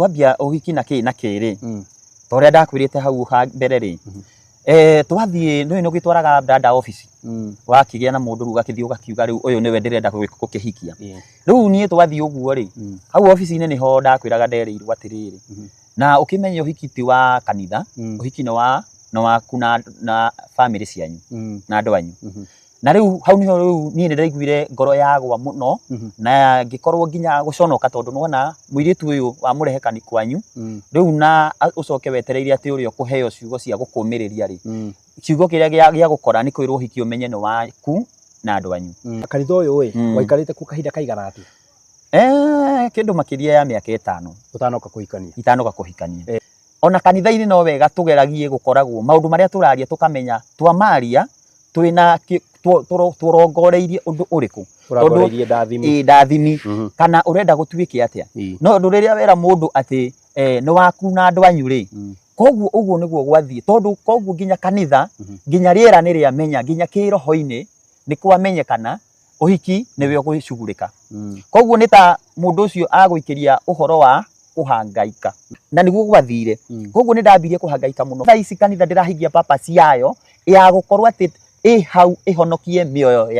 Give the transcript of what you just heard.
twambia uhiki na kĩ na kĩrĩ mm. ta ũrĩa ndakwĩrĩte hau ha mbere rĩ mm-hmm. eh, twathiĩ nĩũĩ nĩ gwĩtwaraga brada office mm. wakĩgĩa na mũndũ rĩu ũgakĩthiĩ ũgakiuga rĩu ũyũ nĩwe ndĩrenda gũkĩhikia rĩu niĩ twathiĩ ũguo rĩ mm. hau ofici-inĩ nĩho ndakwĩraga iru atĩrĩrĩ mm-hmm. na ũkĩmenye ũhiki ti wa kanitha ũhiki hiki wa nĩ waku na family cianyu na andũ anyu mm-hmm na riu hau niho riu nie ndaiguire ngoro yagwa muno mhm. na ngikorwo nginya guconoka tondu nona muiritu uyu wa murehekani kwanyu mm. riu na ucoke wetereire ati uri ukuheo ciugo cia gukumiriria ri mm. ciugo kiria gia gukora ni kwirwo hiki umenye ni waku na andu anyu mm. kanitha uyu we waikarite ku kahinda kaigana atia eh kindu makiria ya miaka itano utanoka kuhikania itanoka kuhikania ona kanitha ini no wega tugeragie gukoragwo maundu maria turaria tukamenya twamaria twina turongoreirie undu uriku tondu ndathimi kana urenda gutuike atia no ndu riria wera mundu ati eh, ni waku na andu anyu ri mm. koguo uguo niguo gwathii tondu koguo nginya kanitha mm-hmm. nginya riera ni riamenya nginya kiroho-ini ni kwamenyekana uhiki niwe ugwicugurika mm. koguo ni ta mundu ucio aguikiria uhoro wa kuhangaika na niguo gwathire mm. koguo ni ndambirie kuhangaika muno thaa ici kanitha ndirahingia papa yayo ya gukorwo ati ihonokie mioyo ya